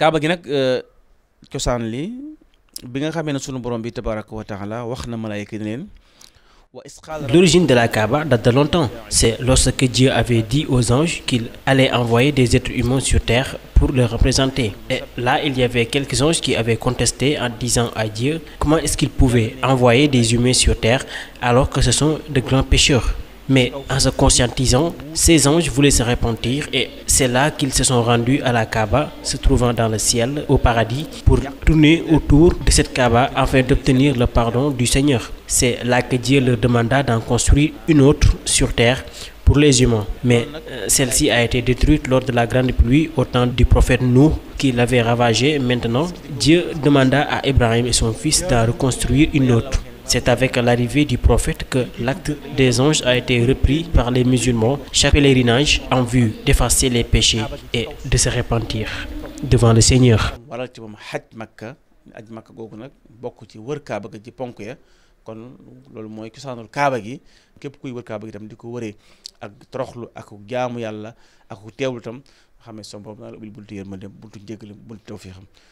kaaba gi nag euh, cosaan li bi nga xamee ne sunu borom bi tabaraka wa taala wax na malaayka ne leen L'origine de la Kaaba date de longtemps. C'est lorsque Dieu avait dit aux anges qu'il allait envoyer des êtres humains sur terre pour les représenter. Et là, il y avait quelques anges qui avaient contesté en disant à Dieu comment est-ce qu'il pouvait envoyer des humains sur terre alors que ce sont de grands pécheurs. Mais en se conscientisant, ces anges voulaient se repentir et c'est là qu'ils se sont rendus à la Kaaba, se trouvant dans le ciel, au paradis, pour tourner autour de cette Kaaba afin d'obtenir le pardon du Seigneur. C'est là que Dieu leur demanda d'en construire une autre sur terre pour les humains. Mais euh, celle-ci a été détruite lors de la grande pluie au temps du prophète Nuh qui l'avait ravagée. Maintenant, Dieu demanda à Ibrahim et son fils d'en reconstruire C'est avec l'arrivée du prophète que l'acte des anges a été repris par les musulmans, chaque pèlerinage en vue d'effacer les péchés et de se repentir devant le Seigneur. aj makka googu nag bokk ci wër kaaba ga ci ponk ya kon loolu mooy cosaanul kaaba gi képp kuy wër kaaba gi tam di ko wëree ak toroxlu ak jaamu yàlla ak teewul tam xam ne som boobu naa la ubbil buntu yërmande buntu njëgale buntu